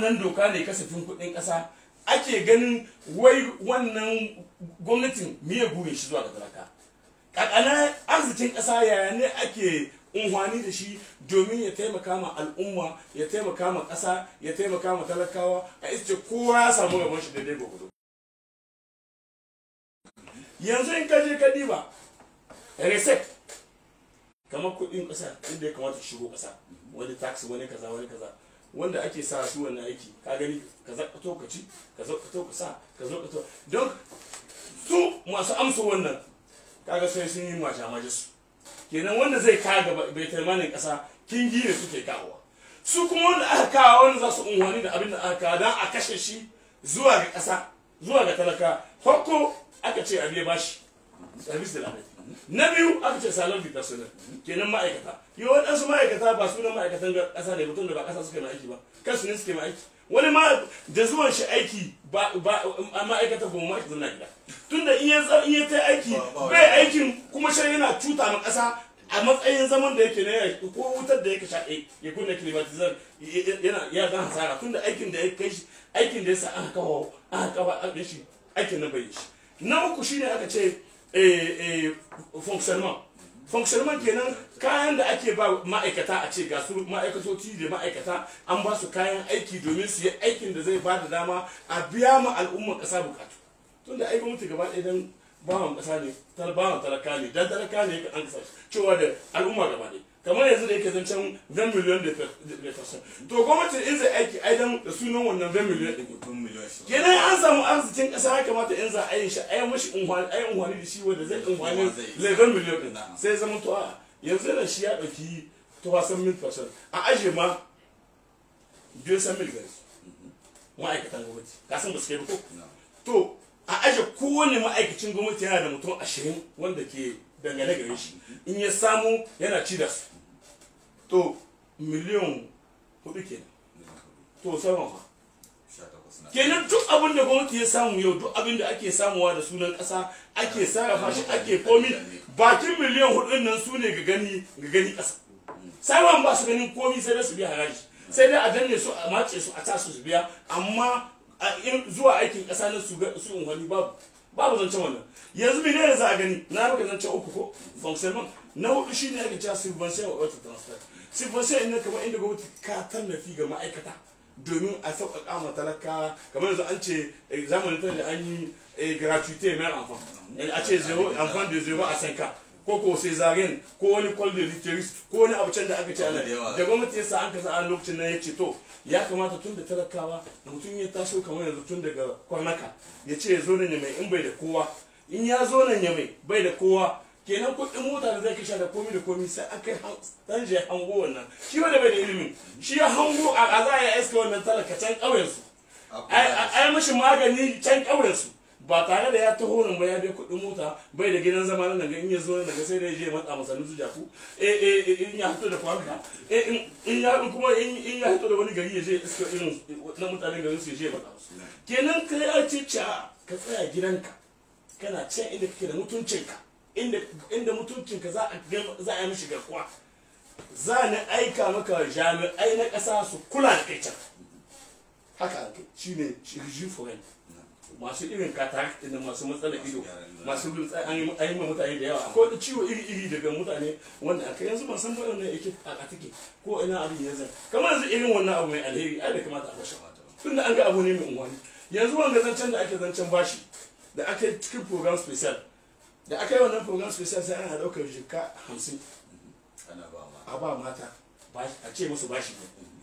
wannan doka ne kasafin kudin kasa ake ganin wai wannan gwamnatin miye gure shi zuwa ga talaka kakana arzikin kasa yaya ne ake unhwani da shi domin ya taimaka ma al'umma ya taimaka ma kasa ya taimaka ma talakawa a isce kowa ya samu gaban shi daidai gwagwado yanzu in kaje ka diba reset kamar kudin kasa inda ya kamata shigo kasa wani tax wani kaza wani kaza wanda ake sa su wannan aiki ka gani ka zakato ka ci ka zakato ka sa ka zakato don su masu amsa wannan kaga sai sun yi maja majis kenan wanda zai kaga baitulmanin kasa kingi ne suke kawo su kuma wanda aka kawo wanda za su unwani da abin da aka kawo don a kashe shi zuwa ga kasa zuwa ga talaka farko aka ce abiya bashi service da labarai na biyu aka ce salon bi personnel kenan ma'aikata yi waɗansu ma'aikata ba sunan ma'aikatan ƙasa ne mutum da ba ƙasa suke ma'aiki ba kansu ne suke ma'aiki. wani ma da zuwan shi aiki ba ma'aikata ba ma zuna gida tunda iya ta aiki bai aikin kuma shi yana cuta ma ƙasa a matsayin zaman da yake ne ko wutar da yake ɗaya. ya kunna climatizar yana ya zan hasara tunda aikin da ya kai shi aikin da ya sa aka kawo aka kawo a shi aikin na bai shi na uku shine aka ce Eh, eh, fonctionnement fonctionnement kenan kayan da ake ba ma'aikata a ce ga su ma'aikatoci da ma'aikata an ba su kayan aiki domin su yi aikin da zai ba da dama a biya ma al'umma ƙasa bukatu tunda ai gwamnati gaba ɗaya dan bawan ƙasa ne bawan talaka ne dan talaka ne an kasa cewa da al'umma gaba ɗaya kamar yanzu da yake zancen 20 miliyan da person to gwamnati in zai aiki aidan da sunan wannan 20 miliyan da gudun miliyan shi kenan an samu arzikin kasa ya kamata in za a yi shi ayi mashi unhwani unhwani da shi wanda zai unhwani le 20 miliyan din sai zama to a yanzu da shi ya dauki to wasan mil person a aje ma 200 mil gari ma'aikatan gwamnati ka san ba su kai ko to a aje kowane ma'aikacin gwamnati yana da mutum 20 wanda ke dangane gare shi mm-hmm. in ya samu yana ci da su to miliyan hudu kenan to kenan duk abin da gwamnati ya samu yau duk abin da ake samuwa da sunan kasa ake sarrafa shi ake komi bakin miliyan hudun nan su ne ga gani ga gani kasa sauran ba su ganin komi sai da su biya haraji sai dai a danne su a mace su a tasu su biya amma zuwa aikin kasa na su su wani babu Ba babu zancen wannan yanzu mene ne za a gani na maka zancen uku ko fonctionnement na hudu ne ake cewa subvention wa auto transfer subvention ne kamar inda gwamnati ka tallafi ga ma'aikata domin a sauƙaƙa ma talaka kamar yanzu an ce eh, zamani ta da an yi eh, gratuite mai enfant a ce zero enfant de zero a sanka. ko ko cesarean ko wani col de ko wani abu can da aka ce ana da gwamnati sa an kasa a lokacin na ya ce to ya kamata tun da talakawa da mutum ya taso kamar yanzu tun daga kwanaka ya ce ya zo nan mai in bai da kowa in ya zo nan mai bai da kowa kenan kuɗin mota da zai kisha da komi da komi sai aka dan hango wannan shi wanda bai da ilimin shi ya hango a za a ya iska wannan talaka can ƙauyensu ai mashi magani can ƙauyensu ba tare da ya taho nan ba ya bi kuɗin mota bai da gidan zama nan ga in ya zo nan daga sai da ya je matsa masa nusu jafu eh, eh eh in ya hito da kwanka eh in ya kuma in ya hito da wani gari ya je iska irin na mutane garin su ya je matsa masa kenan kai a cicca ka tsaya gidanka kana cewa inda kake da mutuncinka inda inda mutuncinka za a za a yi mishi garkuwa za ni aika maka jami'ai na ƙasa su kula da kai can haka shi ne shi foreign masu irin cataract da masu matsala ido masu an yi ma mutane da yawa ko ciwo iri iri daga mutane wanda aka yanzu ban san wannan yake a take ko ina abin yanzu kamar yanzu irin wannan abu mai alheri ai da kamata a bashi da an ga abu ne mai unwani yanzu wanga zancen da ake zancen bashi da aka yi cikin program special da aka yi wannan program special sai ana daukar jikka hamsin mhm. a ba mata a ce musu bashi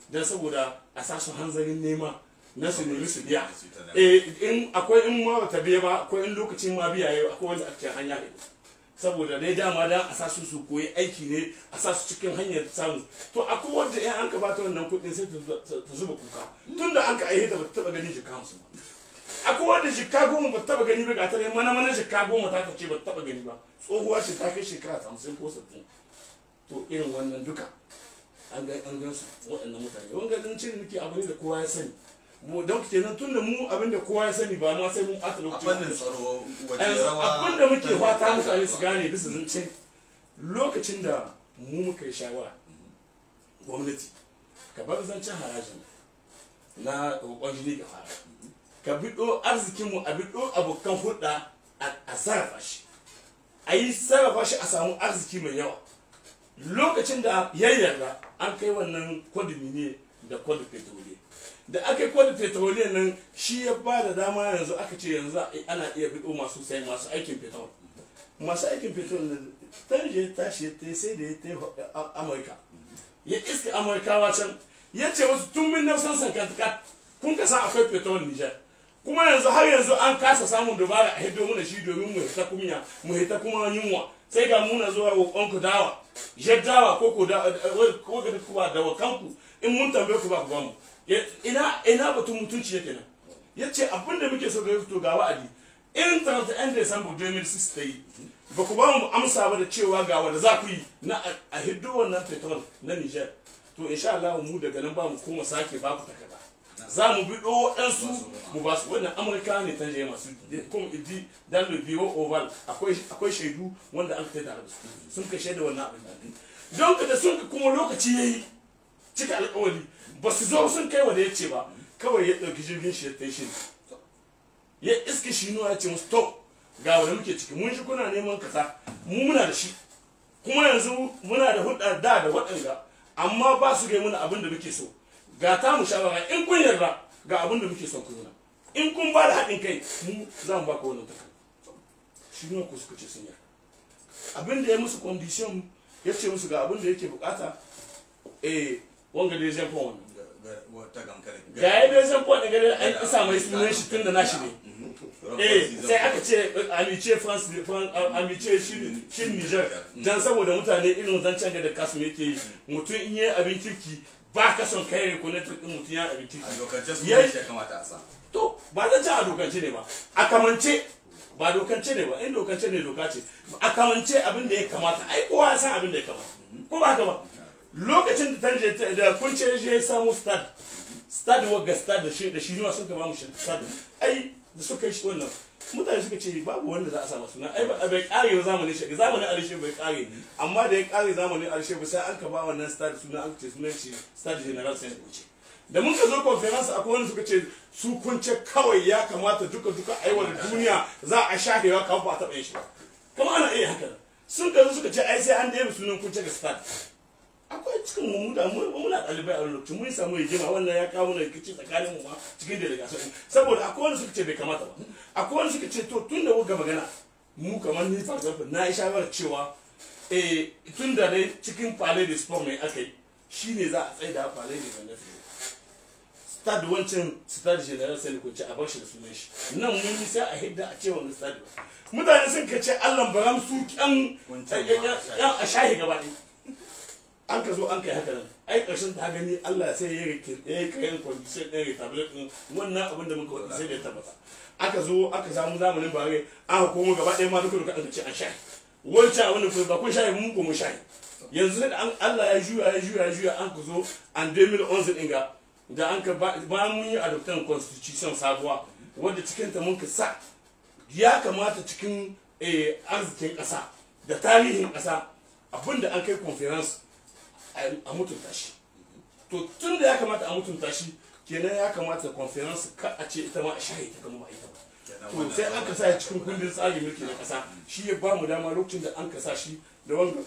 don saboda a sa su hanzarin nema na su nemi su biya eh, in akwai in ma ta biya ba akwai in lokacin ma biya yau akwai wanda a cikin hanya ne saboda dai dama dan a sasu su koyi aiki ne a sasu cikin hanyar samu to akwai wanda ya an ka bata wannan kuɗin sai ta zuba kuka tunda an ka aihe ta ba ta gani ganin jika hamsin ba akwai wanda jikka goma ba taba gani ba ga ta mana mana jikka goma ta kace ba taba gani ba tsohuwa ce ta kai shekara hamsin ko sittin to irin wannan duka an ga an ga su waɗannan mutane wanga dan cin nake abu ne da kowa ya sani mu don kenan tun da mu abinda kowa ya sani ba ma sai mun ɓata lokaci abin tsaro wace rawa abin da muke fata mutane su gane bisa zance lokacin da mu muka yi shawara gwamnati ka bar zancen harajin na roƙon jini ga fara ka biɗo arzikin mu a biɗo abokan hulɗa a sarrafa shi a yi sarrafa shi a samu arziki mai yawa lokacin da ya yarda an kai wannan kwadumi ne da kwadumi ne da aka kwada fetaholiyan nan shi ya ba da dama yanzu aka ce yanzu ana iya bido masu sai masu aikin fetahol masu aikin fetahol na tarje tashi ta sai da ya ta amurka ya iska amurkawa can ya ce wasu tun bin nausan sankatika kun ka san akwai fetahol nijar kuma yanzu har yanzu an kasa samun dubara a hiddo na shi domin mu hita kunya mu hita kuma yunwa sai ga muna zuwa roƙon ku dawa jaddawa ko ko da eh, eh, ko ga dawa kanku in mun tambaye ku ba ku ba mu ina ina batun mutunci yake nan yace ce abinda muke so ga fito ga wa'adi in tarata ɗan december 2006 ta ba ku ba mu amsa ba da cewa ga wanda za ku yi na a hiddo wannan na niger to insha Allah mu daga nan ba mu koma sake ba ku takarda za mu bi do ɗansu mu ba su wannan amurka ne ta je masu kuma idi dan da biyo oval akwai shaidu wanda aka kai da su sun ka shaida wannan abin don ka da sun ka kuma lokaci yayi cika alkawari ba su zo sun kai wanda ya ce ba kawai ya ɗauki jirgin shi ya ta shi ya iske shi nuna ya ce musu to ga wanda muke ciki mun shi kuna neman kasa mu muna da shi kuma yanzu muna da hulɗar da da waɗanda amma ba su gai muna abin da muke so ga ta mu shawara in kun yarda ga abin da muke son ku nuna in kun ba da haɗin kai mu za mu ba ka wannan takar shi nuna ku suka ce sun yarda abin da ya musu condition ya ce musu ga abin da yake bukata eh wanga deuxième point ga ya deuxième point da gare an isa mai sunan shi tun da nashi ne mm-hmm. eh sai aka ce eh, amice france eh, amice shin niger mm-hmm. dan saboda mutane irin zancen da kasu yake mutum in yi abin kirki ba ka son kai ne ko ne tukin mutum ya abin kirki a dokance su ne shi kamata a sa to ba zan ci a dokance ne ba a kamance ba dokance ne ba in dokance ne doka ce a kamance abin da ya kamata ai kowa san abin da ya kamata mm-hmm. ko ba ka ba lokacin da kun ce kunce ya je samu stad stad wagga stad da shi shi ma sun ka bamu stad ai da suka yi shi wannan mutane suka ce babu wanda za a samu suna ai ba bai kare ba zamanin shi zamanin alshe bai kare amma da ya kare zamanin alshe ba sai an ka ba wannan stad suna an ce suna shi stad general sai wuce da mun ka zo conference akwai wanda suka ce su kunce kawai ya kamata duka duka aiwata duniya za a shafewa kawai ba a taɓa yin shi ba kuma ana iya haka sun ka zo suka ce ai sai an ɗaya sunan kunce ga stad akwai cikin mu da mu muna dalibai a lokaci mun samu rigima wannan ya kawo na rikici tsakanin mu ma cikin da delegation saboda akwai wani suka ce bai kamata ba akwai wani suka ce to tun da muka magana mu kamar ni for example na yi shawarar cewa eh tun da dai cikin palais de sport mai aka yi shine za a tsaida palais de vanessa stad wancin stad general sai ko ce a bar shi da sunan shi nan mun yi sai a hidda a cewa stade stad mutane sun kace Allah baram su kyan eh, eh, a eh, shahi gaba ɗaya an ka zo an kai haka nan ai ƙarshen ta gani Allah sai ya rike ya kai condition ɗin retablet ɗin wannan abin da muka wata sai da ya tabbata aka zo aka samu zamanin bare an koma gaba ɗaya ma duka duka an ce an sha wancan abin da ba kun sha mun ko mun sha yanzu sai da Allah ya juya ya juya ya juya an ku zo an 2011 ɗin ga da an ka ba mun yi adoptan constitution sabuwa wanda cikin ta mun ka sa ya kamata cikin eh, arzikin ƙasa da tarihin ƙasa abinda an kai conference a mutunta shi to tun da ya kamata a mutunta shi kenan ya kamata conference ka a ce ita ma a shahi ta gama ita ba to sai an kasa cikin kundin tsarin mulki na kasa shi ya ba mu dama lokacin da an kasa shi da wanga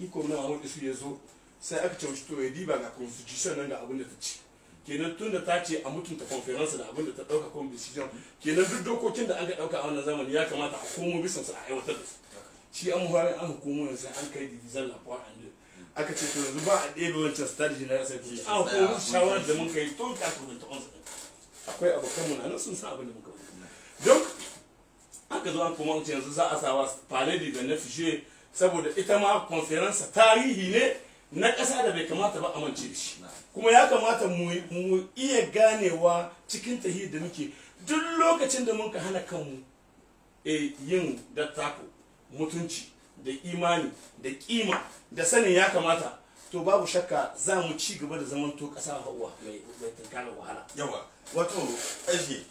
iko na Muhammad Isu ya zo sai aka ce to ya diba ga constitution nan ga abin da ta ce kenan tun da ta ce a mutunta conference da abin da ta dauka kuma decision kenan duk dokokin da aka dauka a wannan zamani ya kamata a komo bisa su a aiwatar da su shi an muhari an hukumomin sai an kai da la poire en deux aka ce to yanzu ba a ɗebe wancan stade general sai kuma a ko shawarar da mun kai tun kafin da ta akwai abokan mu nan sun sa abin da muka yi don aka zo an kuma yanzu za a sawa paledi da na fishe saboda ita ma conference tarihi ne na ƙasa da bai kamata ba amince da shi kuma ya kamata mu iya ganewa cikin tahiyar da muke duk lokacin da muka hana kanmu eh, yin dattako mutunci da imani da kima da sanin ya kamata to babu shakka za mu ci gaba da zaman to ƙasa hawa mai tunkara wahala yawa wato ƙashe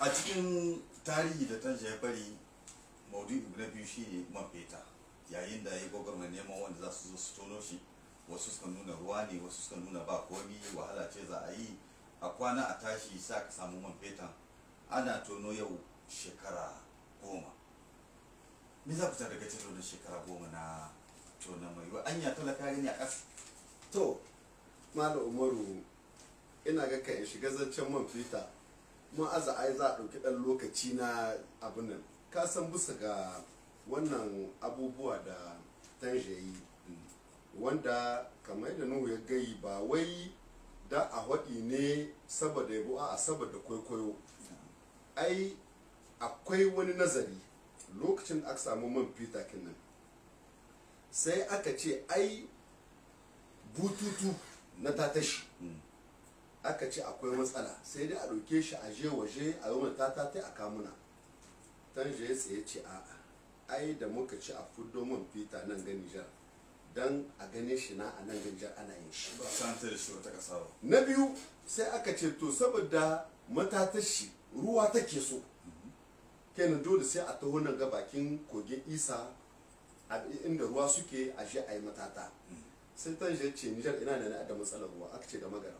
a cikin tarihi da tanje ya bari maudu'i na biyu shi man feta yayin da ya gwagwarmar neman wanda za su zo su tono shi wasu suka nuna ruwa ne wasu suka nuna ba komi wahala ce za a yi a kwana a tashi sa ka samu man fetan ana tono yau shekara goma Ni za ku ta daga cikin da shekara goma na to na mai wa anya talaka gani a ƙasa to malam umaru ina ga in shiga zancen man fita mun aza ai za a ɗauki ɗan lokaci na abin nan ka san bisa ga wannan abubuwa da tanje yi wanda kamar yadda nuhu ya gai ba wai da a haɗi ne saboda yabo a saboda kwaikwayo ai akwai wani nazari lokacin da aka samu man fita nan sai aka ce ai bututu na tatashi aka ce akwai matsala sai dai a ɗauke shi a je waje a yi ta tata a kamuna tan je tsaye ce a'a ai da muka ci a fudo man fita nan ga nijar don a gane shi na a nan ga nijar ana yin shi na biyu sai aka ce to saboda matatashi ruwa take so kenan dole sai a taho nan ga bakin kogin isa inda ruwa suke a shi a yi matata sai ta je ce nijar ina da da matsalar ruwa aka ce da magana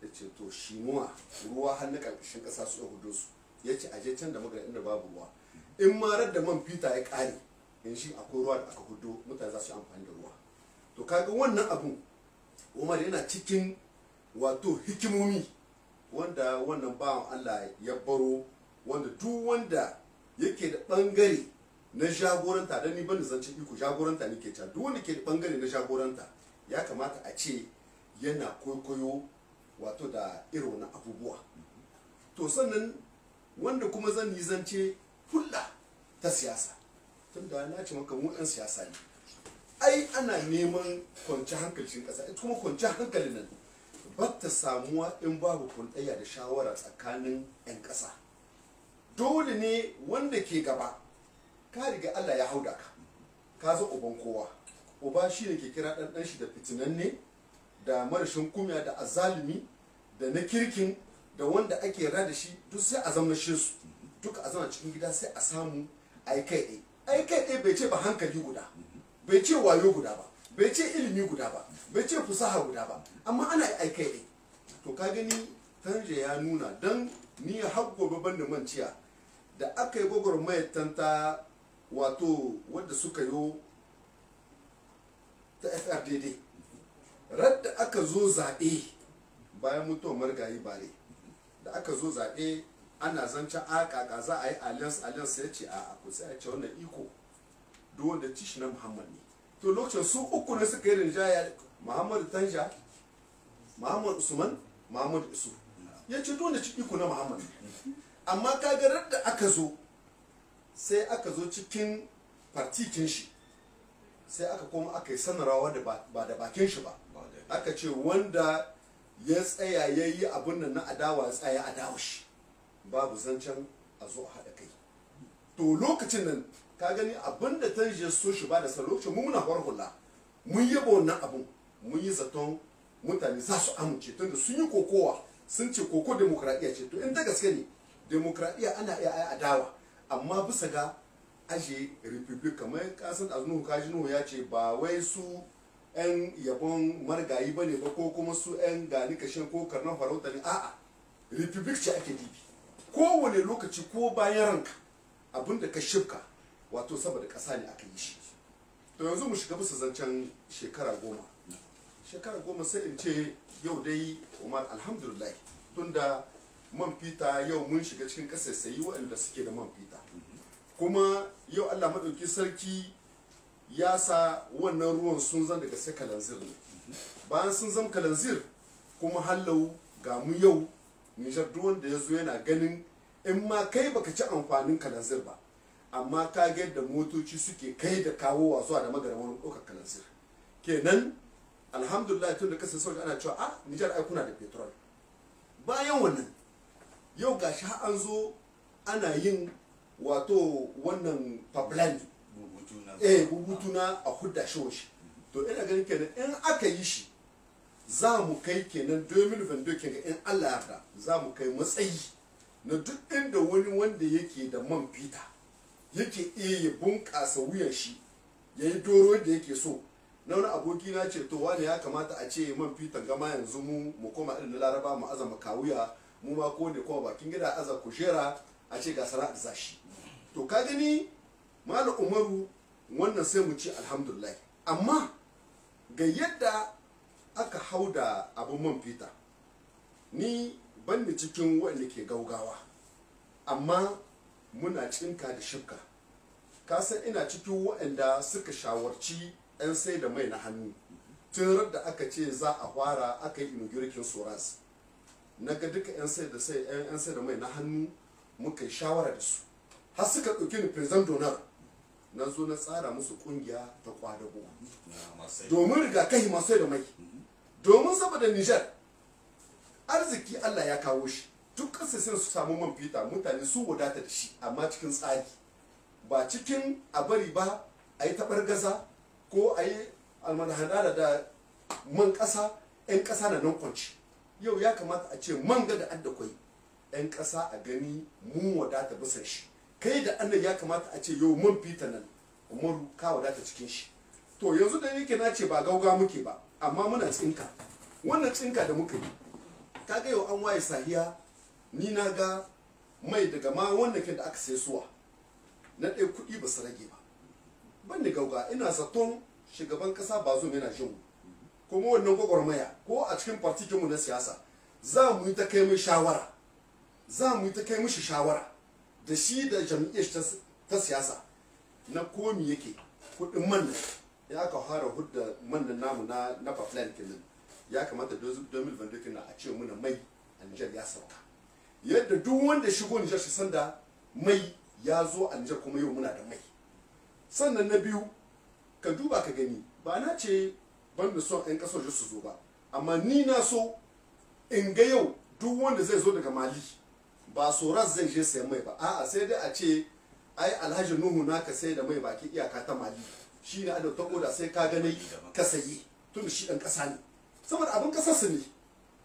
ya ce to shinuwa ruwa har na kasa su ya hudu su ya ce a je can da magaram inda babu ruwa in marar da man fita ya kare in shi akwai ruwa da aka hudu mutane za su yi amfani da ruwa to kaga wannan abun umar yana cikin wato hikimomi wanda wannan bawan allah ya baro wanda duk wanda yake da bangare na jagoranta don ni ban zancen iko jagoranta ne ke can duk wanda ke da bangare na jagoranta ya kamata a ce yana kwaikwayo wato da irin na abubuwa to sannan wanda kuma zan yi zance hulla ta siyasa tunda na ce maka mu 'yan siyasa ne ai ana neman kwanci hankalin kasa ita kuma kwanci hankalin nan ba ta samuwa in babu kulɗayya da shawara tsakanin 'yan ƙasa dole ne wanda ke gaba ka riga Allah ya hauda ka ka zo uban kowa uba shi ne ke kira ɗan shi da fitinanne da marashin kumya da azalimi da na kirkin da wanda ake rada shi duk sai a zama shi su duk a zama cikin gida sai a samu ai kai ai kai bai ce ba hankali guda bai ce wayo guda ba bai ce ilimi guda ba bai ce fusaha guda ba amma ana ai kai to ka gani tanje ya nuna dan ni har gobe babban da manciya da aka yi gwagwarmayar tanta wato wadda suka yi ta frdd radda aka zo zaɓe bayan mutuwar margayi bare da aka zo zaɓe ana zancen akaka za a yi alliance alliance ya ce a ku sai a ce wannan iko duk wanda ci shi na muhammad ne to lokacin su uku ne suka yi rinjaya muhammad tanja muhammad usman muhammad isu ya ce duk wanda ci iko na muhammad ne amma kagarar da aka zo sai aka zo cikin partikin shi sai aka koma aka yi sanarawa da ba da bakin shi ba aka ce wanda ya tsaya ya yi abin nan na adawa ya tsaya adawa shi babu zancen a zo a haɗa kai to lokacin nan ka gani abin da ta yi so shi ba da sa lokacin mu muna hula mun yaba wannan abin mun yi zaton mutane za su amince tunda sun yi kokowa sun ce koko demokradiyya ce to in ta gaske ne demokradiyya ana iya a adawa amma bisa ga aje republic kamar kasan azunuhu kajinuhu ya ce ba wai su 'yan yabon margayi ba ne ba ko kuma su 'yan gani kashe ko karnan farauta ne a'a republic ce ake dibi kowane lokaci ko bayan ranka abinda ka shifka wato saboda kasa ne aka yi shi to yanzu mu shiga bisa zancen shekara goma shekara goma sai in ce yau dai umar alhamdulillah tunda man fita yau mun shiga cikin kasassayi waɗanda suke da man fita kuma yau allah maɗauki sarki ya sa wannan ruwan sun zan daga sai kalanzir ne bayan sun zan kalanzir kuma hallau ga mu yau nijar duk wanda ya zo yana ganin in ma kai baka ci amfanin kalanzir ba amma ka ga yadda motoci suke kai da kawowa zuwa da magaramar ɗaukar kalanzir kenan alhamdulillah tun da kasar sauki ana cewa a ah, nijar ai kuna da petrol bayan wannan yau ga shi an zo ana yin wato wannan pabland eh na a hudda shi to ina ganin kenan in aka yi shi za mu kai kenan 2022 kenan in Allah yarda za mu kai matsayi na duk inda wani wanda yake da man fita yake iya ya bunƙasa wuyan shi ya yi doro da yake so na wani aboki na ce to wani ya kamata a ce man fitan gama yanzu mu mu koma irin laraba mu azama kawuya mu ma ko ne kuma bakin gida aza kujera a ce ga sana'ar zashi to ka gani malam umaru wannan sai mu ce alhamdulillah amma ga yadda aka hau da abin man fita ni ban da cikin wanda ke gaugawa amma muna cinka da Ka san ina cikin waɗanda suka shawarci 'yan sai da mai na hannu tun da aka ce za a fara aka yi girkin soras na ga duka 'yan sai da sai 'yan sai da mai na hannu muka yi shawara da su har suka ɗauki ni president donor na zo na tsara musu ƙungiya ta kwadago domin rigakafi masu sai da mai domin saboda nijar arziki allah ya kawo shi duk sai su samu man fita mutane su wadata da shi amma cikin tsari ba cikin a bari ba a yi taɓar gaza ko a yi almanahana da man ƙasa 'yan ƙasa na nan kwanci yau ya kamata a ce man ga da adda kwai yan ƙasa a gani mu wadata bisa shi kai da annan ya kamata a ce yau mun fita nan umaru ka wadata cikin shi to yanzu da yake na ce ba gauga muke ba amma muna tsinka wannan tsinka da muka yi ta ga yau an waye sahiya ni na ga mai daga ma wannan kin da aka sai suwa na ɗaya kuɗi ba su rage ba ban da gauga ina zaton shugaban ƙasa ba zo yana jin kuma wannan gwagwarmaya ko a cikin partikinmu na siyasa za mu yi ta kai mai shawara za mu yi ta kai mishi shawara da shi da jam'iyyar ta siyasa na komi yake kudin man ya aka fara hudda man namu na na pipeline nan ya kamata 2022 na a ce muna mai a Niger ya sauka yadda duk wanda shigo Nijar shi sanda mai ya zo a Nijar kuma yau muna da mai sannan na biyu ka duba ka gani ba na ce ban da son 'yan kasar su zo ba amma ni na so in ga yau duk wanda zai zo daga mali ba ras zai je sayan mai ba a'a sai dai a ce ai alhaji nuhu na ka sai da mai baki iyaka ta mali shi ne adau ta koda sai ka gane ka sayi tun shi dan kasa ne saboda abin su ne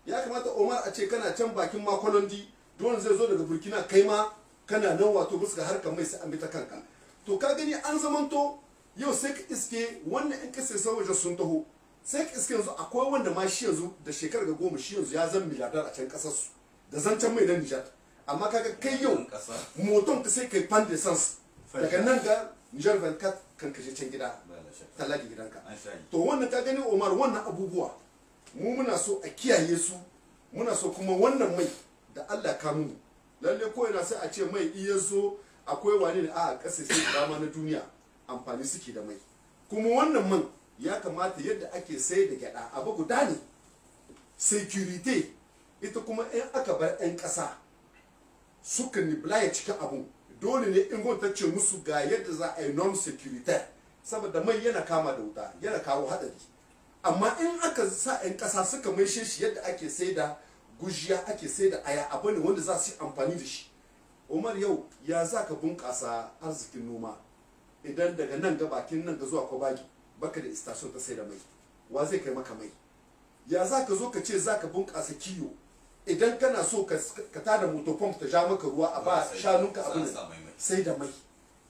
ya kamata omar a ce kana can bakin makolondi duk zai zo daga burkina kai ma kana nan wato bisa harkar mai sai an bi ta kanka to ka gani an zamanto yau sai ka iske wannan in kasai sai sun taho sai iske yanzu akwai wanda ma shi yanzu da shekarar ga goma shi yanzu ya zan miladar a can kasar su da zancen mai nan nijar amma kaga kai yau moton ka sai kai pan de sans daga nan ga nijar vankat kan kashe can gida talagi gidanka to wannan ka gani omar wannan abubuwa mu muna so a kiyaye su muna so kuma wannan mai da allah mu lalle ko yana sai a ce mai iya so akwai wani ne a ƙasa da dama na duniya amfani suke da mai kuma wannan man ya kamata yadda ake sai da gyada abu guda ne security ita kuma in aka bar 'yan ƙasa suka ya cikin abu dole ne in ta ce musu ga yadda za a yi non security saboda mai yana kama da wuta yana kawo hadari amma in aka sa 'yan ƙasa suka mai shi yadda ake sai da gujiya ake sai da aya abu ne wanda za su yi amfani da shi umar yau ya za ka bunƙasa arzikin noma idan daga nan ga bakin nan ga zuwa kwabagi baka da station ta sai da mai wa zai kai maka mai ya za ka zo ka ce za ka bunƙasa kiyo idan kana so ka tada motopomp ta ja maka ruwa a ba shanunka abin sai da mai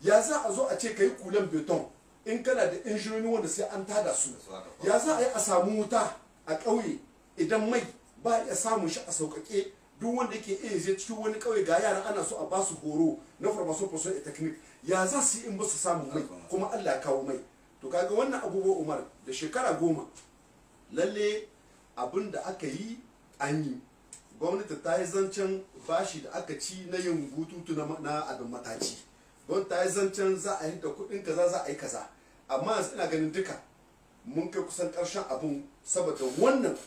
ya za a zo a ce ka yi kulan beton in kana da injinoni wanda sai an tada su ya za a yi a samu wuta a ƙauye idan mai ba ya samun shi a sauƙaƙe duk wanda yake iya je cikin wani ƙauye ga yara ana so a ba su horo na farmaso faso da technique ya za su in ba su samu mai kuma allah ya kawo mai to kaga wannan abubuwan umar da shekara goma lalle abin da aka yi an yi gwamnati ta yi zancen bashi da aka ci na yin bututu na abin mataci don ta yi zancen za a yi da kuɗin kaza za a yi kaza amma yanzu ina ganin duka mun kai kusan ƙarshen abin saboda wannan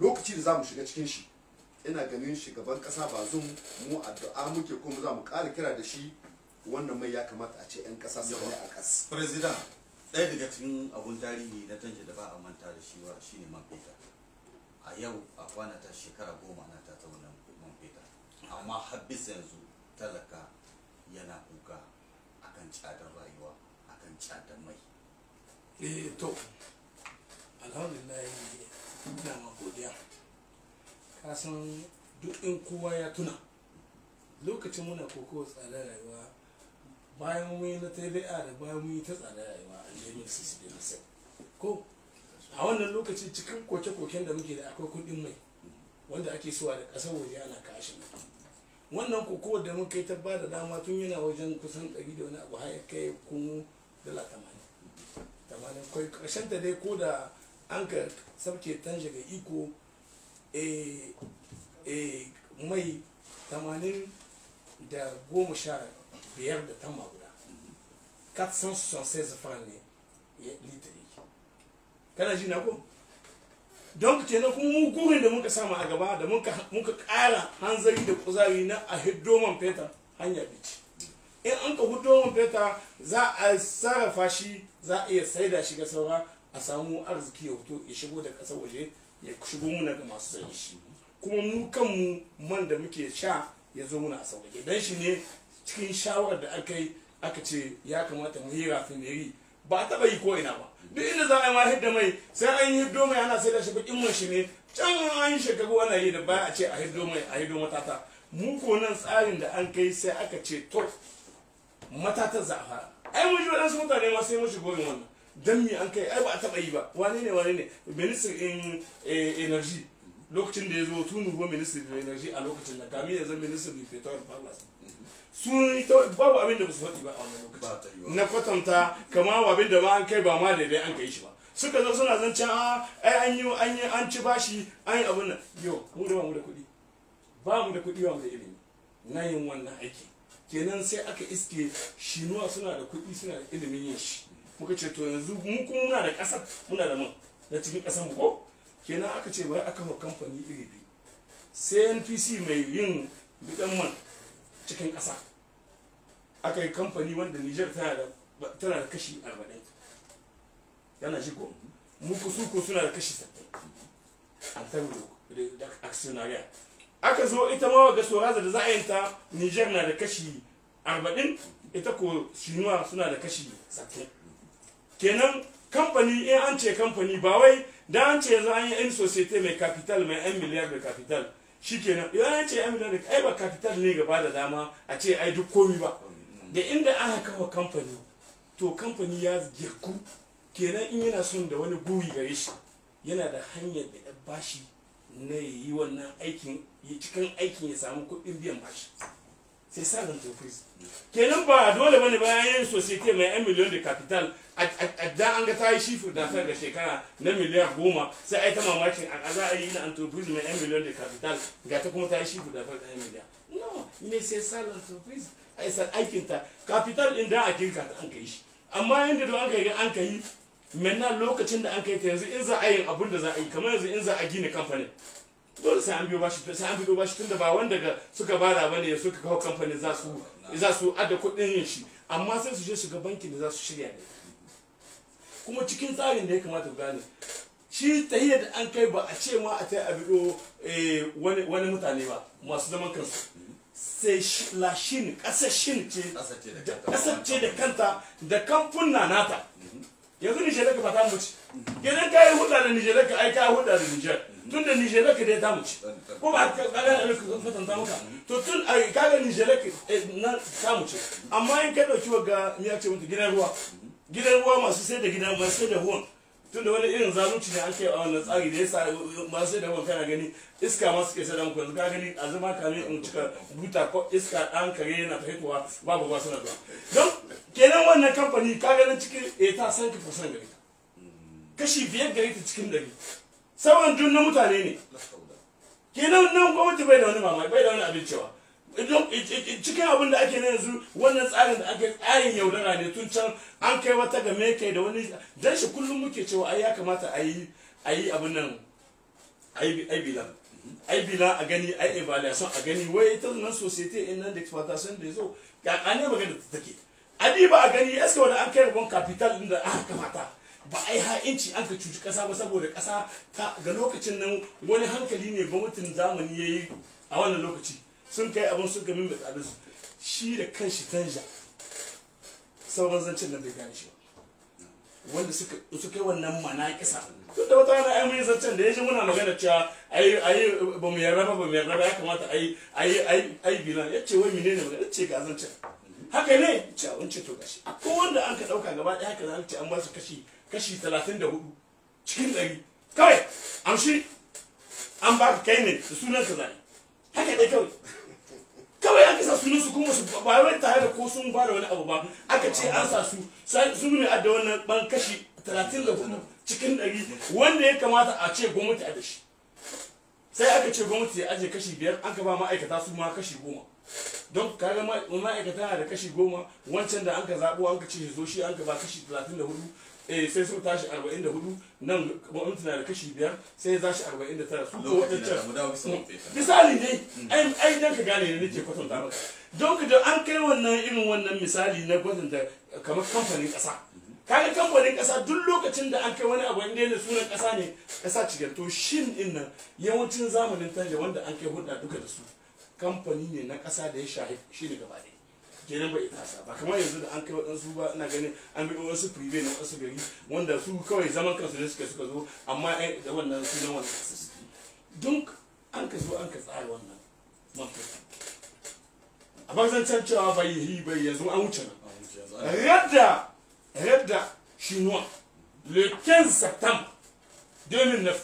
lokaci da za mu shiga cikin shi ina ganin shugaban ƙasa ba zun mu addu'a muke kuma za mu ƙara kira da shi wannan mai ya kamata a ce 'yan ƙasa su ne a ƙasa. President, ɗaya daga cikin abun tarihi na tanke da ba a manta da shi shi ne man fetur. A yau a kwana ta shekara goma na ta zauna man fetur. Amma habis yanzu talaka yana kuka a kan cadar rayuwa a kan cadar mai. Eh to, alhamdulillah ina ma godiya. Ka san duk in kowa ya tuna lokacin muna koko tsadar rayuwa bayan mun yi na tabi'a da bayan mun yi ta tsada rayuwa an je mil nasa ko a wannan lokacin cikin koke-koken da muke da akwai kuɗin mai wanda ake suwa da ƙasar waje ana kashin wannan koko da mun kai ta bada dama tun yana wajen kusan ɗari da wani abu haya kai kuma dala tamanin tamanin kai ƙarshen ta dai ko da an ka sabke tanje ga iko eh, eh, mai tamanin da goma sha biyar da tamma 476 francs ne litiri kana ji na ko don na kuma mu gurin da muka sama a gaba da muka ƙara hanzari da kuzari na a hiddoman peta hanya bici in an ka hiddoman peta za a sarrafa shi za a iya saida shi ga saura a samu arziki ya fito ya shigo da kasa waje ya shigo muna ga masu sayi shi kuma mu kanmu man da muke sha ya zo muna a sauƙaƙe don shi ne cikin shawarar da aka yi aka ce ya kamata mu yi meri ba taɓa yi ko ina ba duk inda za a yi ma hidda mai sai an yi hiddo mai ana sai da shi bakin mun shi ne can an yi shekaru ana yi da baya a ce a hiddo mai a hiddo matata mu ko nan tsarin da an kai sai aka ce to matata za a fara ai mun ji waɗansu mutane ma sai mun shigo wannan dan me an kai ai ba a taɓa yi ba wane ne wane ne minister in eh, energy lokacin da ya zo tunu ruwa minister da energy a lokacin da kamin ya zama minister da petrol palace sun babu abin da ba su faɗi ba na kwatanta kama abin da ma an kai ba ma daidai an kai shi ba suka zo suna zancen a ah, ai an yi an yi an ci bashi an yi abin nan yo mu da mu da kuɗi ba mu da kuɗi ba mu da ilimi na yin wannan aiki kenan sai aka iske shinuwa suna da kuɗi suna da ilimin yin shi muka ce to yanzu mu kuma muna da ƙasar muna da mun na cikin ƙasar mu ko kenan aka ce bai aka ma kamfani iri biyu sai npc mai yin bidan man cikin ƙasa aka yi kamfani wanda niger tana da kashi 40 yana ko muku suku suna da kashi 70 an tango da actionaria aka zo ita ma ga soraza da za a ta niger na da kashi 40 ita ko shinuwa suna da kashi 70 kenan kamfani in an ce kamfani ba wai da an ce yanzu an yi in societe mai capital mai 'yan miliyar da capital shikenan yana ce ai da ai ba capital ne gaba da dama a ce ai duk komi ba da inda aka kawo kamfani to kamfani ya girku kenan in yana son da wani buri gare shi yana da hanyar da bashi na yi wannan aikin ya cikin aikin ya samu kuɗin biyan bashi c'est ça l'entreprise kenan ba dole ne bayan société mai un million de capital da an ga ta yi de da ga shekara na miliyar goma sai ai ta mamakin a za a yi na entreprise mai 1 million de capital Il kuma ta yi shifir da miliyar no me sai l'entreprise ai sa aikin capital din da a kinka ta an kai shi amma yanda da an kai an kai lokacin da an ta yanzu in za a yi abin da za a yi kamar yanzu in za a gina kamfanin dole sai an biyo bashi sai an biyo bashi tunda ba wanda ga suka bada bane ya suka kawo kamfani za su za su adda kuɗin yin shi amma sai su je shiga bankin da za su shirya ne kuma cikin tsarin da ya kamata ku gane shi tahiyar da an kai ba a ce ma a ta a bido eh, wani mutane ba masu zaman kansu sai lashin ce da kanta da kamfuna nata mhm. yanzu nijar ka fata ta mu ci idan ka yi hulɗa da nijar ka ai ka yi hulɗa da nijar tun da nijar ka dai ta mu ci ko ba ka ga ka kwatanta muka to tun a ka ga nijar ka eh, na ta mu ci amma in ka dauki wa ga miya ce mutu gidan ruwa gidan ruwa masu sai da gidan masu sai da ruwan tunda wani irin zalunci ne an kai a wannan tsari da yasa masu da kana gani iska ma suke sai da ka gani a zama kame in cika buta ko iska ɗan kare yana ta hitowa babu ba suna zuwa don kenan wannan kamfani ka ganin cikin eta san ka kusan gari kashi biyar gari ta cikin dari sauran jun na mutane ne kenan nan gwamnati bai da wani mamaki bai da wani abin cewa cikin abin da ake yanzu wannan tsarin da ake tsarin yaudara ne tun can an kai wata game kai da wani dan shi kullum muke cewa ai ya kamata a yi a yi abin nan ai bilan ai bilan a gani ai evaluation a gani wai ita nan society in nan da exploitation da yazo ga kane magana ta take adi ba a gani eske wanda an kai rabon capital din da aka kamata ba a yi ha'inci an ka cuci kasa ba saboda kasa ga lokacin nan wani hankali ne gwamnatin zamani ya yi a wannan lokaci sun kai abin sun gami mai tsadin su shi da kanshi tanja sauran zancen nan bai gane shi wanda suka suka yi wannan mana kisa duk da wata rana ai mun zancen da ya yaji muna magana cewa ai ai ba mu yarda ba ba mu yarda ba ya kamata ai ai ai ai bilan ce wai menene magana ce ga zancen haka ne ce an ce to gashi akwai wanda an ka dauka gaba ɗaya haka zance an ba su kashi kashi 34 cikin dari kawai amshi an ba ka kai ne da sunan ka zai haka dai kawai kawai aka sa su su kuma su ba wai tare da ko sun ba da wani abu ba aka ce an sa su su ne a da wannan ban kashi 34 cikin 100 wanda ya kamata a ce gwamnati a da shi sai aka ce gwamnati ya aje kashi biyar an ka ba ma'aikata su ma kashi goma don kaga ma'aikata na da kashi goma wancan da an ka zaɓo an ka ce zo shi an ka ba kashi 34 eh sai sun tashi 44 nan gwamnati na da kashi biyar sai ya tashi 49 su ko wadancan misali ne. Mm. ai ai dan ka gane ne nake kwatanta maka don ka an kai wannan irin wannan misali na kwatanta kamar kamfanin kasa kaga kamfanin kasa duk lokacin da an kai wani abu inda yana sunan kasa ne kasa ciganto shin din nan yawancin zamanin tanja wanda an kai hudda duka da su kamfani ne na kasa da ya shahi shi ne gaba ɗaya kenan ita sa ba kamar yanzu da an kai waɗansu ba ina ganin an bi wasu prive na wasu gari wanda su kawai zaman kansu ne suka suka zo amma ai da wannan su ne wannan kasa an ka zo an ka tsara wannan mafi a bazan can cewa bai yi bai yanzu an wuce nan yadda yadda chinois le 15 septembre 2009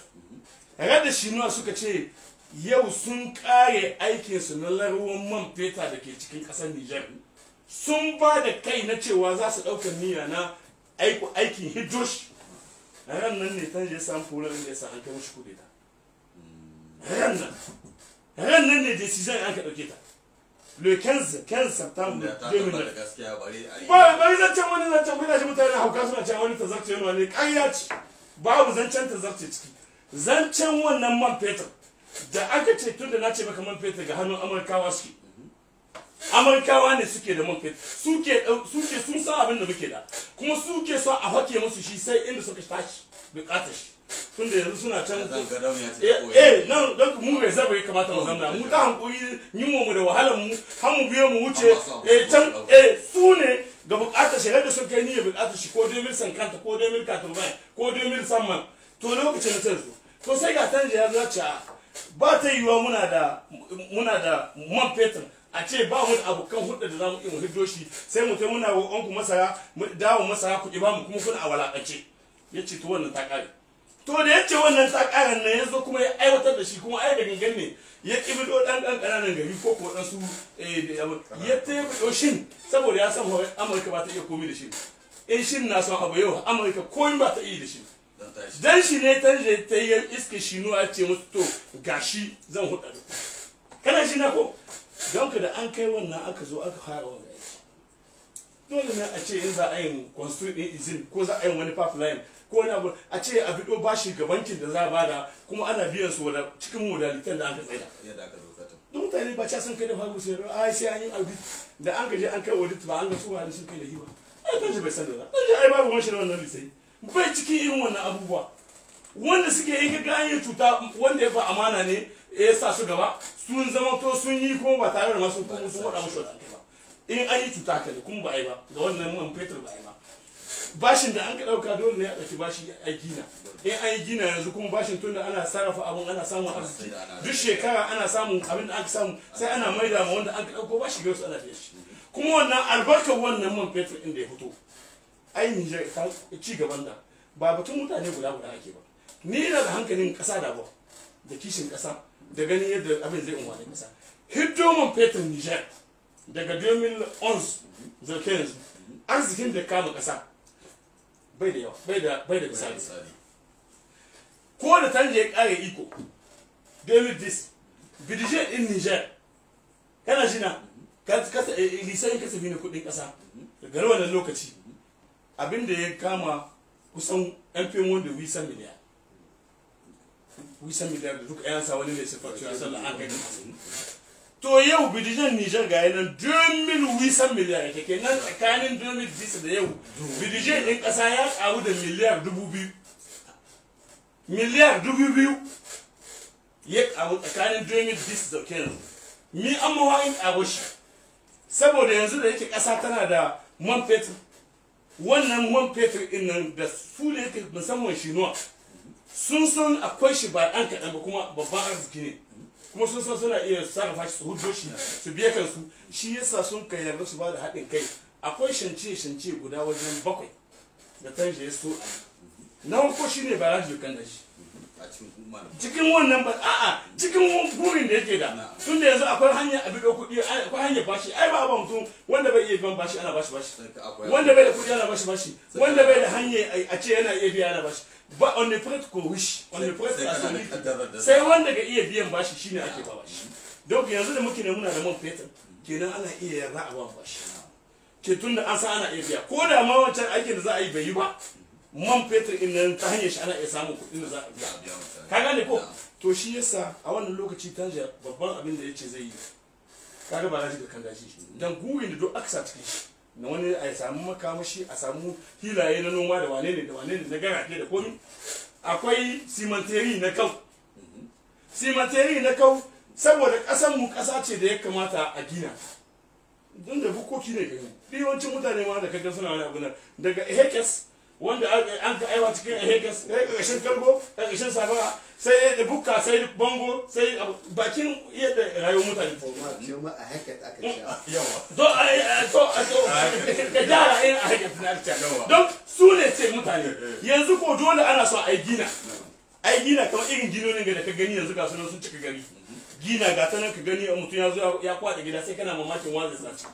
yadda chinois suka ce yau sun kare aikinsu na laruwan man feta da ke cikin kasar Nijar. sun ba da kai na cewa za su ɗaukar niyya na aikin hijjosh ran nan ne tan ya samu fulan ya sa an kai mushi kuɗi ta ran nan ran nan ne decision an ka ɗauke ta le 15 15 septembre 2009 ba ba zan can wani can bai dace mutane hauka suna cewa wani tazarce yana ne ƙarya ce babu zancen tazarce ciki zancen wannan man fetur da aka ce tun da na ce maka man fetur ga hannun amurkawa suke amurkawa ne suke da man suke eh, suke sun san abin da muke da kuma suke son a hake musu shi sai inda suka tashi bukatar shi tun da yanzu suna can eh, eh nan don mu bai zaba ya kamata mu zanna mu ta hankuri yin mu da wahalar mu har mu biyo mu wuce eh can eh su ne ga bukatar shi da sun kai niyyar bukatar shi ko 2050 kanta ko 2040 ko 2070 to lokacin da ta zo to sai ga tanje ya zo ba ta yiwa muna da muna da man fetur a ce ba mu abu kan hudda da zamu iya hiddo shi sai mu tai muna masara mu dawo masara ku ba mu kuma kuna a walakance yace to wannan ta kare to da yace wannan ta kare nan yanzu kuma ya aiwatar da shi kuma ai da gangan ne ya kibido dan dan kananan gari ko ko dan su ya taibido shin saboda ya san Amurka ba ta iya komai da shi in shin na son abu yau Amurka komai ba ta iya da shi dan shi ne ta je ta yi iska shi no a ce musu to gashi zan hudda kana shi na ko don ka da an kai wannan aka zo aka fara wannan dole ne a ce in za a yin construct din izin ko za a yin wani pipeline ko wani abu a ce a bido bashi ga bankin da za a bada kuma ana biyan su wala cikin modalitan da aka tsaya don mutane ba ca sun kai da faru sai a sai an yi audit da an gaje an kai audit ba an ga su da sun kai da hiba ai ban ji bai san da ai babu wani shirin wannan lisai bai cikin irin wannan abubuwa wanda suke yin gaga an yi cuta wanda ya fa amana ne Eh, ya sa su gaba sun zama to sun yi kuma ba tare da masu kuma sun faɗa musu ba in an yi cuta ka ne kuma ba yi ba ga wannan man fetur ba yi ba bashin da an ka ɗauka dole ne a ɗauki bashi a gina in an yi gina yanzu kuma bashin tun da ana sarrafa abun ana samun arziki duk shekara ana samun abin da an samu sai ana maida ma wanda an ka ɗauko bashi gaisu ana fiye shi kuma wannan albarkar wannan man fetur din da ya fito ai zai ci gaban da ba batun mutane guda guda ake ba ni na da hankalin ƙasa da ba da kishin ƙasa da gani yadda abin zai umarni kasa hidomin fetur niger daga 2011 zarke arzikin da kama kasa bai da yawa bai da da misali ko da tanje ya kare iko 2010 bidije in niger yana eh, eh, shi na kasa fi na kudin kasa daga wannan lokaci abin da ya kama kusan 'yan fiye wanda wisan miliyan wisan miliyar da duka yansa wani mai siffar cewa sallah an gani to yau bidijan nijar ga yanan domin wisan miliyar yake ke nan tsakanin domin disa da yau bidijan ɗin ƙasa ya ƙaru da miliyar dubu biyu miliyar dubu biyu ya ƙaru tsakanin domin disa da kenan mi an mawaƙin ƙaru shi saboda yanzu da yake ƙasa tana da man fetur wannan man fetur ɗin nan da su da yake musamman shinuwa sun san akwai shi ba ɗan kaɗan ba kuma babban arziki ne kuma sun san suna iya sarrafa shi su hujjo shi su biya kansu shi yasa sun kai yarda su ba da haɗin kai akwai shance shance guda wajen bakwai da tanje ya so na ko shi ne ba za kan da shi cikin wannan ba a'a cikin burin da yake da tun da yanzu akwai hanya a bido kuɗi akwai hanya bashi ai ba ba mutum wanda bai iya biyan bashi ana bashi bashi wanda bai da kuɗi ana bashi bashi wanda bai da hanya a ce yana iya biya ana bashi ba on ne prête qu'au wish on ne prête à son sai wanda ga iya biyan bashi shine ake ba bashi don yanzu da muke ne muna da man fetur kenan ana iya yarda a ba bashi ke tun da an san ana iya biya ko da ma wancan aikin da za a yi bai yi ba man fetur in nan ta hanyar shi ana iya samun kuɗin da za a biya ka gane ko to shi yasa a wannan lokaci tanja babban abin da yace zai yi kaga ba za shi ga kan gashi dan guwin da duk aka sa cikin shi na wani a samu makamashi a samu hilaye na noma da wane ne da wane ne na garafe da komi akwai simanteri na kau simanteri na kau saboda ƙasar mu ƙasa ce da ya kamata a gina don da bukoki ne gani yawancin mutane ma da kaga suna wani abunan daga ehekes wanda an ka aiwa cikin ehekes ehekes ehekes ehekes sabara sai da bukka sai da bango sai bakin yadda rayuwar mutane ko ma ce ma a haka ta aka sha yawa to a to to da jara in a haka ta aka sha don su ne ce mutane yanzu ko dole ana so ai gina ai gina kamar irin ginonin da ka gani yanzu ga sunan sun cika gari gina ga ta nan ka gani mutum ya zo ya kwaɗa gida sai kana mamakin wanzu sace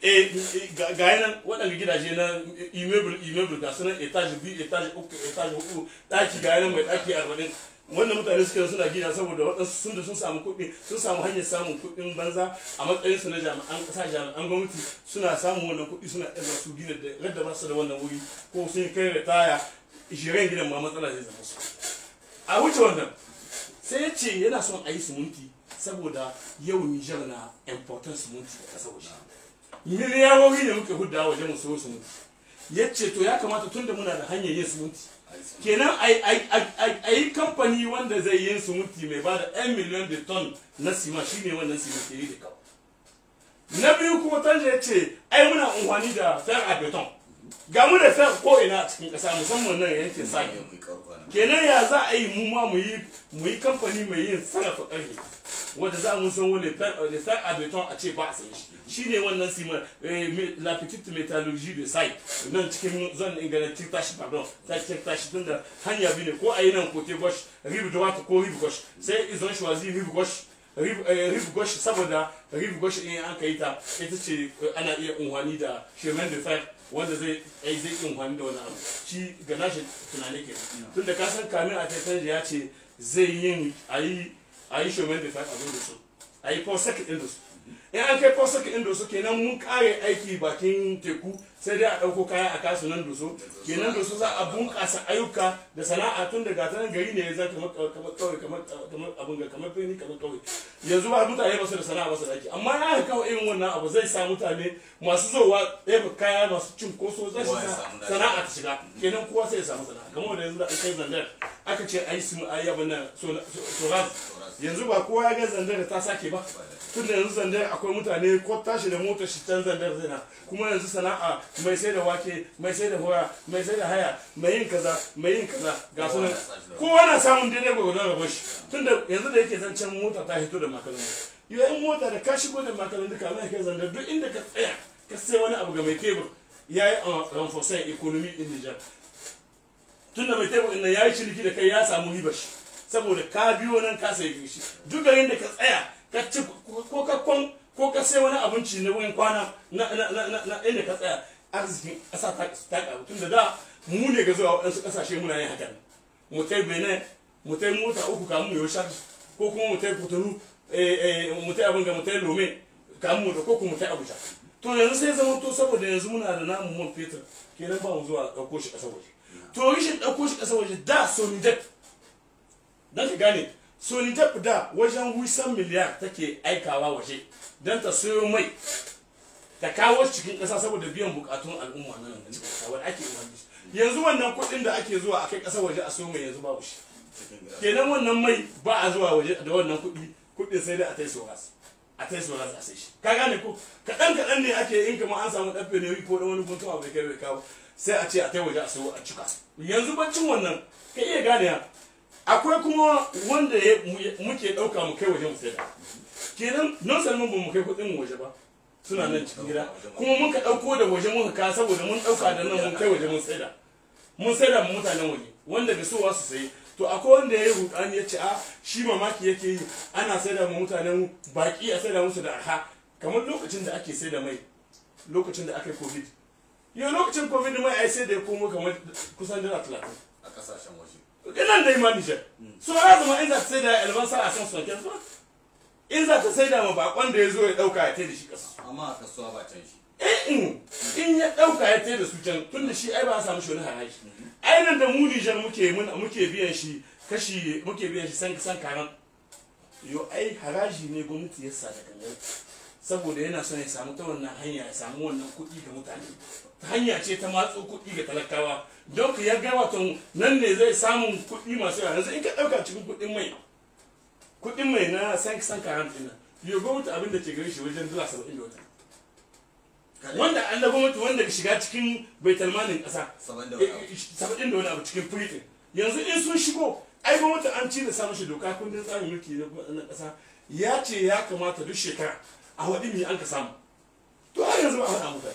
e ga yanan waɗanda gidaje na imebil imebil ga sunan etage biyu etage uku etage hudu ɗaki ga yanan mai ɗaki arba'in wannan mutane suke suna gina saboda waɗansu sun da sun samu kuɗi sun samu hanyar samun kuɗin banza a matsayin su na jami'an ƙasa jami'an gwamnati suna samun wannan kuɗi suna ɗaga su gina da yadda ba su da wannan wuri ko sun kai retaya shirin gidan ma matsala zai zama su a wuce wannan sai ya ce yana son a yi siminti saboda yau Nijar na important siminti a ƙasar waje miliyarori ne muke huddawa wajen mu siminti ya ce to ya kamata tun da muna da hanyar yin siminti kenan a yi kamfani wanda zai yin siminti mai ba da 'yan miliyan da ton na sima ne wannan yi da kawo na biyu kuma tanje ce ai muna unhwani da sayan a beton ga mu da sa ko ina cikin kasa musamman nan yankin sa kenan ya za a yi mu ma mu yi mu yi kamfani mai yin sarrafa ƙarfe wanda za mu san wani lissar a beton a ce ba a san shi shi ne wannan sima eh, la petite metallurgie de sai nan cikin zan ingana kirtashi pardon ta kirtashi tunda hanya bi ne ko a yi nan kote gosh rive droite ko rive gauche sai izon choisi rive gauche eh, rive gauche saboda rive gauche in an kai ta ita ce eh, ana iya unhwani da chemin de fer wanda zai ai zai yin wani da wani abu shi ga nashi tunani ke tun da kasan kamin a taifan ya ce zai yin a yi a yi shomen da abin da su a yi kuma sakin da su in an kai ka indo su kenan mun kare aiki bakin teku sai dai a ɗauko kaya a kasu nan doso kenan doso za a bunƙasa ayyuka da sana'a tun daga ta gari ne za kamar kawai kamar abin ga kamar fini kamar kawai yanzu ba mutane ba su da sana'a ba su daki amma ya haka kawai irin wannan abu zai sa mutane masu zowa ɗaya kaya masu koso zai sa sana'a ta shiga kenan kowa sai ya samu sana'a kamar da yanzu da aka kai zandar aka ce ai sun ayi abin nan yanzu ba kowa ya ga zandar ta sake ba tunda yanzu zandar akwai mutane ko tashi da motar shi can zandar zina kuma yanzu sana'a mai sai da wake mai sai da hoya mai sai da haya mai yin kaza mai yin kaza ga sunan kowa na samun daidai gwagwadon rabon shi tunda yanzu da yake zan can mota ta hito da makalin yayin mota da ka shigo da makalin duka zai kai zandar duk inda ka tsaya ka sai wani abu ga mai kebur ya yi uh, ramfosan ikonomi din nijar tunda mai kebur ɗin ya yi ciniki da kai ya samu hibashi saboda ka biyo nan ka sayi gishi duk garin da ka tsaya ka ci ko ka kwan ko ka sai wani abinci na wurin kwana na inda ka tsaya arzikin ƙasa ta ƙaru tun da mu ne ga zuwa waɗansu ƙasashe muna yin hakan mu tai benin mu tai mota uku kamun yau shar ko kuma mu tai kuturu eh, eh, mu tai abin ga mu tai lome ka mu da ko kuma mu tai abuja to yanzu sai zama to saboda yanzu muna da namun man fetur kenan ba mu zuwa ɗauko shi ƙasar waje to rishin ɗauko shi ƙasar waje da so ni dan ka gane so nijar da wajen wisan miliyar take aikawa waje don ta soyo mai ta kawo cikin kasa saboda biyan bukatun al'umma na nan da ake yanzu wannan kuɗin da ake zuwa a kai kasa waje a soyo mai yanzu babu shi kenan wannan mai ba a zuwa waje da wannan kuɗi kuɗin sai dai a tai soras a tai soras a sai shi ka gane ko kaɗan kaɗan ne ake in kama an samu ɗan ne ko wani guntun abu da kai bai kawo sai a ce a tai waje a soyo a cika yanzu baccin wannan ka iya gane akwai kuma wanda muke ɗauka mu kai waje mu sai kenan nan san ba mu kai kuɗin mu waje ba suna nan cikin gida kuma ka ɗauko da waje mun ka saboda mun ɗauka da nan mun kai waje mun sai da mun sai da mutanen waje wanda da sowa su sayi to akwai wanda ya yi rudani ya ce a ah, shi mamaki yake yi ana sai da mutanen baki a sai da musu da arha kamar lokacin da ake sai da mai lokacin da aka yi covid yau lokacin covid mai ai sai da ya komo kamar kusan dala talatin a kasashen waje nan da ma Nijar hmm. so ya zama in za ta sai da albansa a san soken ba in za ta sai da ma bakon da ya zo ya dauka ya taida shi kasa amma a kasuwa ba can shi eh in in ya dauka ya taida su can tun da shi ai ba a samu shi wani haraji hmm. ai nan da mu Nijar muke muke biyan shi kashi muke biyan shi san san karan yo ai haraji ne gwamnati ya sa da kangar saboda yana son ya samu ta wannan hanya ya samu wannan kuɗi da mutane hanya ce ta matsu kuɗi ga talakawa don ka ya ga wato nan ne zai samun kuɗi masu yawa yanzu in ka ɗauka cikin kuɗin mai kuɗin mai na san san karam ɗin ya gwamnati abin da ke gari shi wajen zuwa saba'in da wata wanda an da gwamnati wanda ka shiga cikin talmanin ƙasa eh, eh, saba'in da wani abu cikin firitin yanzu in sun shigo ai gwamnati an ci da samun shi doka kundin tsarin mulki na ƙasa ya ce ya kamata duk shekara a waɗin mai an ka samu to har yanzu ba a faɗa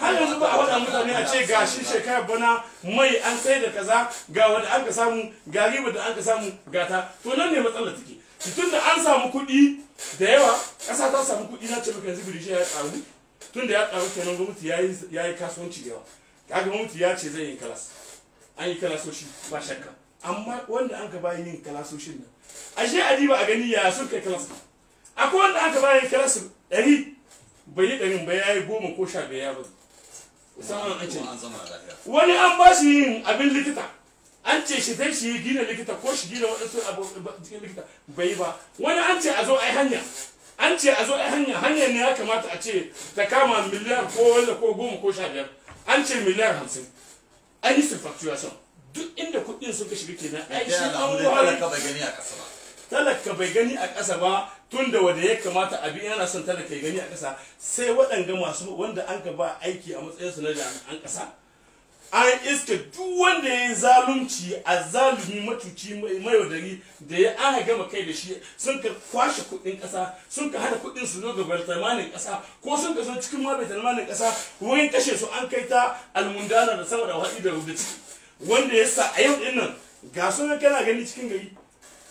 har yanzu ba a wada mutane a ce ga shi shekara bana mai an sai da kaza ga wanda an ka samu ga riba da an ka samu ga ta to nan ne matsala take tun da an samu kuɗi da yawa ƙasa ta samu kuɗi na ce maka yanzu bilishe ya ƙaru tun da ya ƙaru kenan gwamnati ya yi kasuwanci da yawa kaga gwamnati ya ce zai yi kalas an yi kalasoshi ba shakka amma wanda an ka bayi yin kalasoshin nan a je a diba a gani ya sun kai kalas akwai wanda an ka bayi kalas ɗari bai yi ɗarin bai yi goma ko sha biyar sannan an ce wani an ba shi yin abin likita an ce shi zai shi gina likita ko shi gina waɗansu cikin likita bai ba wani an ce a zo a yi hanya an ce a zo a hanya hanyar ne ya kamata a ce ta kama miliyar ko wanda ko goma ko sha biyar an ce miliyar hamsin an yi surfacturation duk inda kuɗin suka shiga kenan yi shi an wuhari talaka bai gani a ƙasa ba tun da wanda ya kamata abi yana son talaka ya gani a ƙasa sai waɗanda masu wanda an ka ba aiki a matsayinsu na jami'an ƙasa an iska duk wanda ya yi zalunci a zalumi matuci wadari da ya an gama kai da shi sun ka kwashe kuɗin ƙasa sun ka hada kuɗin su ga bartamanin ƙasa ko sun ka zo cikin ma bartamanin ƙasa wurin kashe su an kai ta almundana da sama da waɗi da rubuci wanda ya sa a yau ɗin nan ga sunan kana gani cikin gari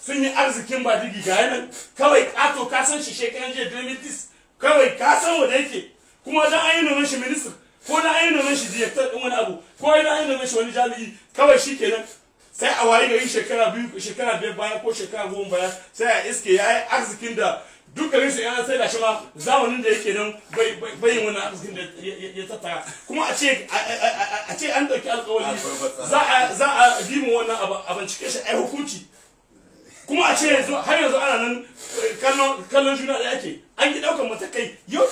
sun yi arzikin ba digi ga yanan kawai kato ka san shi shekaran jiya dramatis kawai ka san wanda yake kuma dan an yi noman shi minister ko dan an yi noman shi director din wani abu ko dan an yi noman shi wani jami'i kawai shi kenan sai a waye gari shekara biyu shekara biyar baya ko shekara goma baya sai a iske ya yi arzikin da dukkanin su yana sai da shi ma zamanin da yake nan bai yin wani arzikin da ya tattara kuma a ce an ɗauki alkawari za a bi mu wannan abin cike shi yi hukunci kuma a ce yanzu har yanzu ana nan eh, kallon juna da ake an yi ɗaukar matakai yau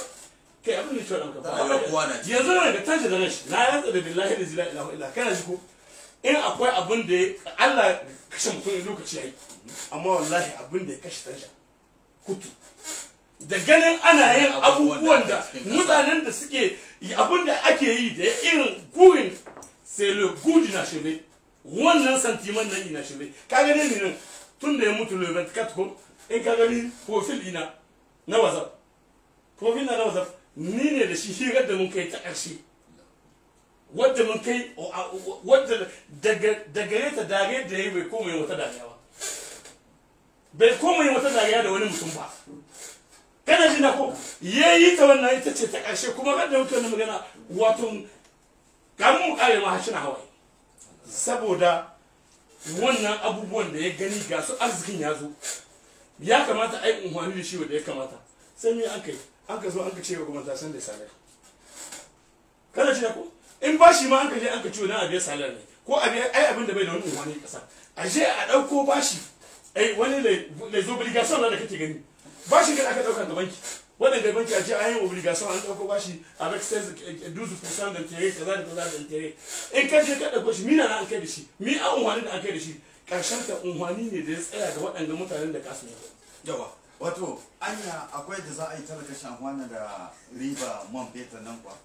kai abin da cewa ɗaukar ba yanzu na ga tashi da nan shi na ya tsada billahi da zila ilahu illa kana ji ko in akwai abin da Allah kashe mutum lokaci yayi amma wallahi abin da ya kashe tashi kutu da ganin ana yin abubuwan da mutanen da suke abin da ake yi da irin gurin sai le gudu na shirme wannan santiman nan ina shirme ka ganin ne tun ya mutu le 24 ko in ka gani profil ina na whatsapp profil na wasa ni ne da shi hirar da mun kai ta ƙarshe wadda mun kai wadda daga ne ta dare da ya bai komai wata dariya ba bai komai wata dariya da wani mutum ba kana ji na ko ya yi ta wannan ita ce ta ƙarshe kuma kada mutu na magana wato kamun mu kare ma hashina hawaye saboda wannan abubuwan da ya gani ga su arzikin ya zo ya kamata a yi unhwani da shi wanda ya kamata sai me an kai an ka zo an ka ce wa gwamnati san da salar kada shi ko in ba shi ma an ka je an ka ciwo na abiya salar ne ko abiya ai abin da bai da wani unhwani kasa a je a ɗauko bashi ai wani lai zo biligason da kake gani bashin ka aka dauka da banki wannan da banki a ce an yi obligation an ɗauko bashi avec 12% d'intérêt kaza da kaza d'intérêt in ka je ka ɗauko shi mina na an kai da shi mi an unhwani da an kai da shi ƙarshen ta unhwani ne da ya tsaya da waɗanda mutanen da kasu ne yawa wato anya akwai da za a yi talaka shan da riba man fetur nan kwa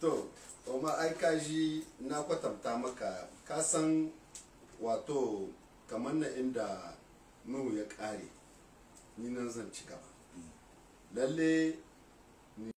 to kuma ai kaji na kwatanta maka ka san wato kamar na inda nuhu ya ƙare ni nan zan ci gaba dalle